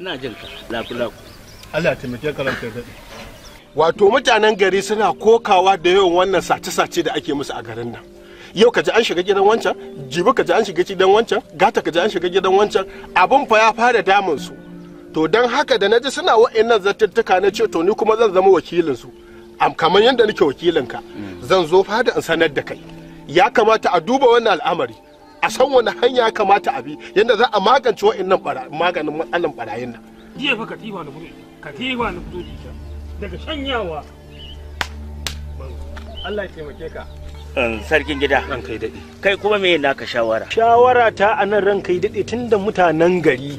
ina jin ka laku-laku Allah taimake ka ranka daɗe wato mutanen gari suna kokawa da yawan wannan sace-sace da ake musu a garin nan yau ka ji an shiga gidan wancan jibi ka ji an shiga gidan wancan gata ka ji an shiga gidan wancan abun fa ya fara damun su to don haka da naji suna wa'annan zattuttuka na ce to ni kuma zan zama wakilin su am kamar yadda nake wakilin ka zan zo fada in sanar da kai ya kamata a duba wannan al'amari a san wani hanya kamata a bi yadda za a magance wa'annan maganin matsalan barayin nan jiya fa katifa na fito katifa na fito jika daga shanyawa Allah ya taimake ka sarkin gida ran kai dade kai kuma me naka shawara shawara ta a nan ran kai dade tunda mutanen gari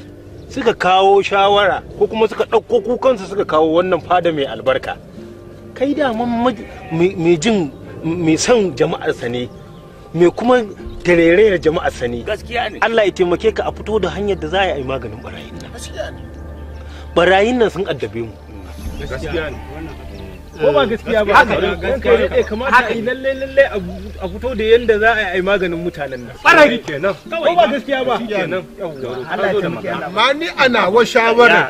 suka kawo shawara ko kuma suka ɗauko kukansu suka kawo wannan fada mai albarka kai da mai jin mai son jama'arsa ne mai kuma tarerayar jama'a sani gaskiya ne Allah ya taimake ka a fito da hanyar da za a yi maganin barayin nan barayin nan sun addabe mu gaskiya ne eh, ko ba gaskiya ba haka ne kamar haka yi lalle lalle a fito da yanda za a yi maganin mutanen nan barayi kenan ko ba gaskiya ba kenan Allah ya taimake amma ni ana wa shawara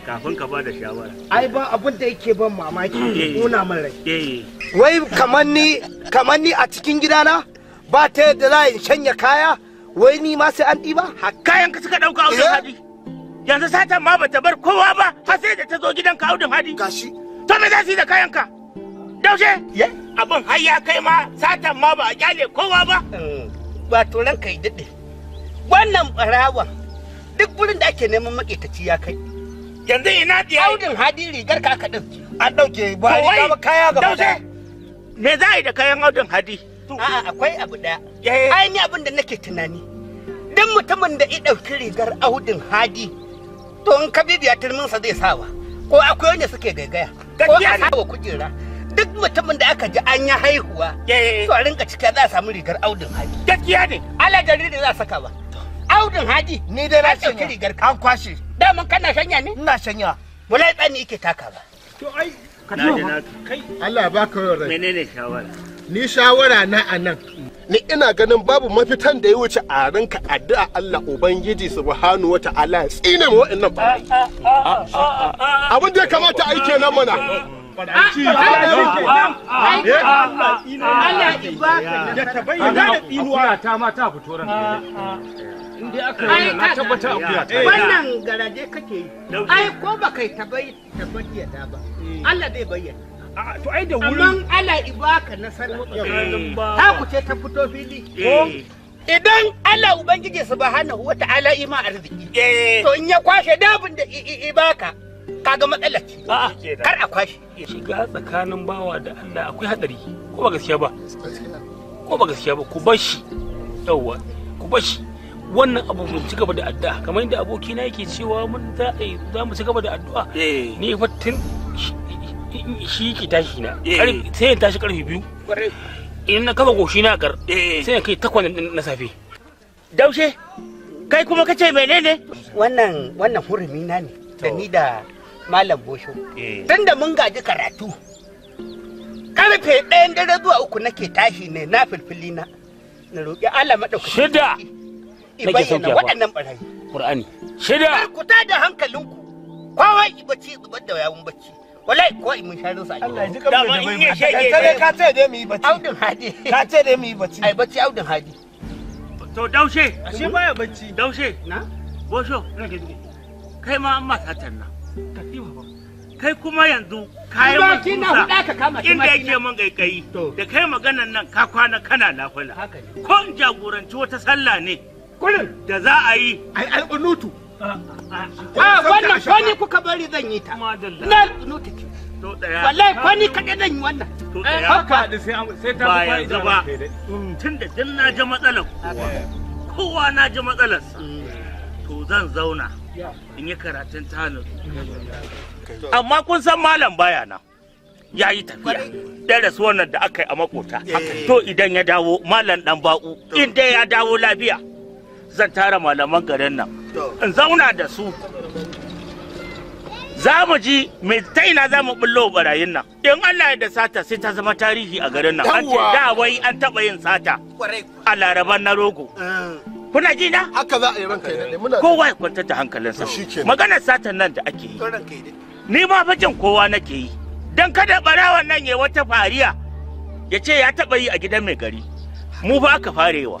kafin ka bada shawara. Ai ba abin da yake ban mamaki eh. nuna min rai. Eh. Wai kamar ni kamar ni a cikin gidana ba ta yadda za in shanya kaya wai ni ma sai an ɗiba? kayan ka suka ɗauka audun eh? hadi yanzu satan ma bata bar kowa ba har sai da ta zo gidan ka audun hadi gashi to me za su yi da kayan ka daushe abin har ya kai ma satan ma ba a kyale kowa ba ba mm, to ran yi daɗe wannan barawa duk wurin da ake neman maƙetaci ya kai yanzu ina yi? audun hadi rigar ka ka ɗauke an ɗauke ba riga ba kaya gaba me za a yi da kayan audun hadi A'a akwai abu ɗaya. Ai ni abin da nake tunani. Dan mutumin da ya ɗauki rigar audin hadi to in ka bibiya turminsa zai sawa ko akwai wanda suke gaigaya ko a sawa kujera duk mutumin da aka ji an yi haihuwa to a rinka cika za a samu rigar audin hadi. Gaskiya ne. Ala gari da za a saka ba. Audin hadi. Ni dai na shanya. rigar an kwashe. Daman kana shanya ne? Ina shanya. Wala tsani yake taka ba. To ai. Kana da kai. Allah ya baka yau rai. Menene shawara? ni shawara na a nan ni ina ganin babu mafitan da ya wuce a ranka addu'a Allah ubangiji subhanahu wata'ala ya tsine mu wa'annan ba abin da ya kamata a yi kenan mana Wannan garaje kake yi, ai ko ba kai ta bayyana ba, Allah zai bayyana. to ai da amma ala ibaka nasara ta ku ce ta fito fili eh. idan Allah ubangiji subhanahu wa ta'ala ima arziki eh. to in ya kwashe dabin da ibaka kaga matsala ce kar a kwashe shiga tsakanin bawa da Allah akwai hadari ko ba gaskiya ba ko ba gaskiya ba ku bar shi ku bar shi wannan abu mun ci gaba da addu'a kamar yadda abokina yake cewa mun za eh, mu ci gaba da addu'a ni fa shi ki tashi na eh. sai ya tashi karfe biyu in na kafa goshi na kar eh. sai ya kai takwas na safe daushe kai kuma kace menene wannan wannan hurumi na ne da ni da malam bosho eh. tun da mun gaji karatu karfe ɗayan dare zuwa uku nake tashi ne na filfili na na roƙi Allah maɗaukaki shida nake sauke waɗannan barayi Qur'ani shida ku da hankalinku kowa bacci zubar da yawun bacci wallahi ko mun sharo sa Allah ji kan da bai ka ce ka ce dai mu yi bacci audin hadi ka ce dai mu yi bacci ai bacci audin hadi to daushe ashe baya bacci daushe na bosho kai ma an mata tanna kai kuma yanzu kayan mutusa inda yake mun gaigayi da kai maganan nan ka kwana kana lafala ko in jagoranci wata sallah ne da za a yi ai alƙunutu a ah, wannan fani kuka bari zan yi ta na nuta wallahi fani kaɗai zan yi wannan haka sai ta ba yanzu ba tun da din na ji matsalar kowa na ji matsalar mm. to zan zauna in yi karatun tanin amma kun san malam baya na ya yi tafiya daras wannan da aka yi a makota eh. to idan ya dawo malam dan ba'u in dai ya dawo lafiya zan tara malaman garin nan in zauna da su za mu ji mai ta ina za mu bullo barayin nan in Allah ya da sata sai ta zama tarihi a garin nan an ce da wai an taba yin sata a laraban na rogo eh. kuna ji na haka za a yi ranka ne kowa ya kwanta da hankalinsa maganar satan nan da ake yi ni ma bajin kowa nake yi dan kada barawan nan ya wata fariya ya ce ya taba yi a gidan mai gari mu ba aka farewa